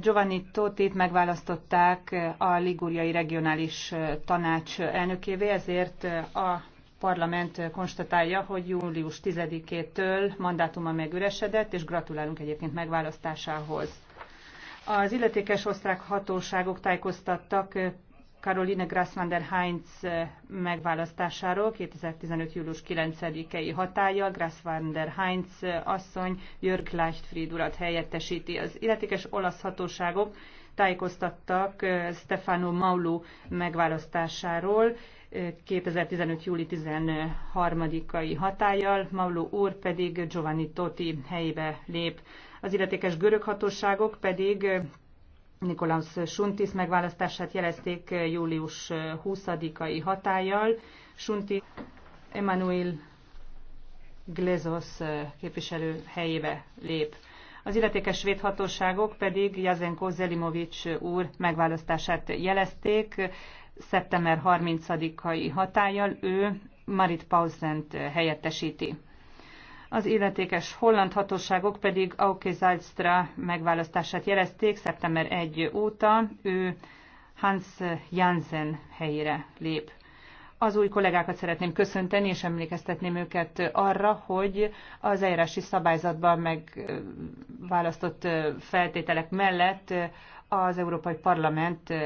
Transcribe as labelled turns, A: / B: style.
A: Giovanni Totit megválasztották a Liguriai Regionális Tanács elnökévé, ezért a parlament konstatálja, hogy július 10-től mandátuma megüresedett, és gratulálunk egyébként megválasztásához. Az illetékes osztrák hatóságok tájékoztattak Caroline Grassman der Heinz eh, megválasztásáról 2015. július 9-i hatája. Grassman der Heinz eh, asszony Jörg Leichtfried urat helyettesíti. Az illetékes olasz hatóságok tájékoztattak eh, Stefano Maulu megválasztásáról 2015. júli 13-ai hatállyal, Maulu úr pedig Giovanni Totti helyébe lép. Az illetékes görög hatóságok pedig Nikolaus Suntis megválasztását jelezték július 20-ai hatállyal. Sunti Emmanuel Glezos képviselő helyébe lép. Az illetékes svéd hatóságok pedig Jazenko Zelimovics úr megválasztását jelezték szeptember 30-ai hatállyal, ő Marit Pausent helyettesíti. Az illetékes holland hatóságok pedig Auke Zalstra megválasztását jelezték szeptember 1 óta, ő Hans Jansen helyére lép. Az új kollégákat szeretném köszönteni, és emlékeztetném őket arra, hogy az eljárási szabályzatban megválasztott feltételek mellett az Európai Parlament